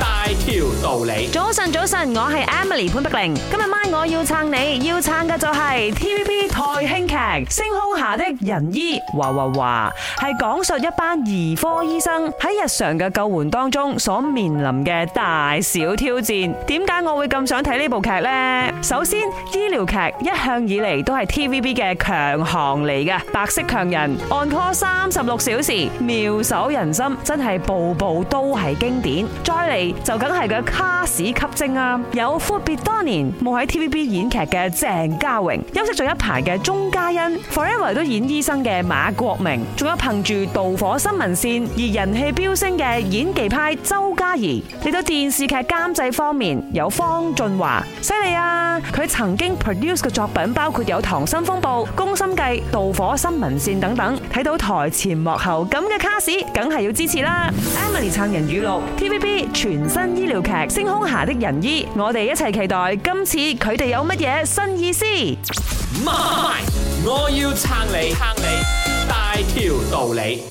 大條道理，早晨早晨，我係 Emily 潘碧玲。今日晚我要撐你，要撐嘅就係 TVB 台慶劇《星空下的仁醫》哇。嘩嘩嘩，係講述一班兒科醫生喺日常嘅救援當中所面臨嘅大小挑戰。點解我會咁想睇呢部劇呢？首先，醫療劇一向以嚟都係 TVB 嘅強項嚟嘅，白色強人《on call 三十六小時》、《妙手仁心》，真係部部都係經典。再嚟。就梗係個卡士級精啊有闊別當。有闊別多年冇喺 TVB 演劇嘅鄭嘉穎，休息咗一排嘅鐘嘉欣，forever 都演醫生嘅馬國明，仲有憑住《導火新聞線》而人氣飆升嘅演技派周家怡。嚟到電視劇監制方面，有方俊華，犀利啊！佢曾經 produce 嘅作品包括有《溏心風暴》《宮心計》《導火新聞線》等等。睇到台前幕後咁嘅卡士，梗係要支持啦 em 撐。Emily 撐人語錄 TVB 全。全新醫療劇《星空下的仁醫》，我哋一齊期待。今次佢哋有乜嘢新意思？我要撐你，撐你大條道理。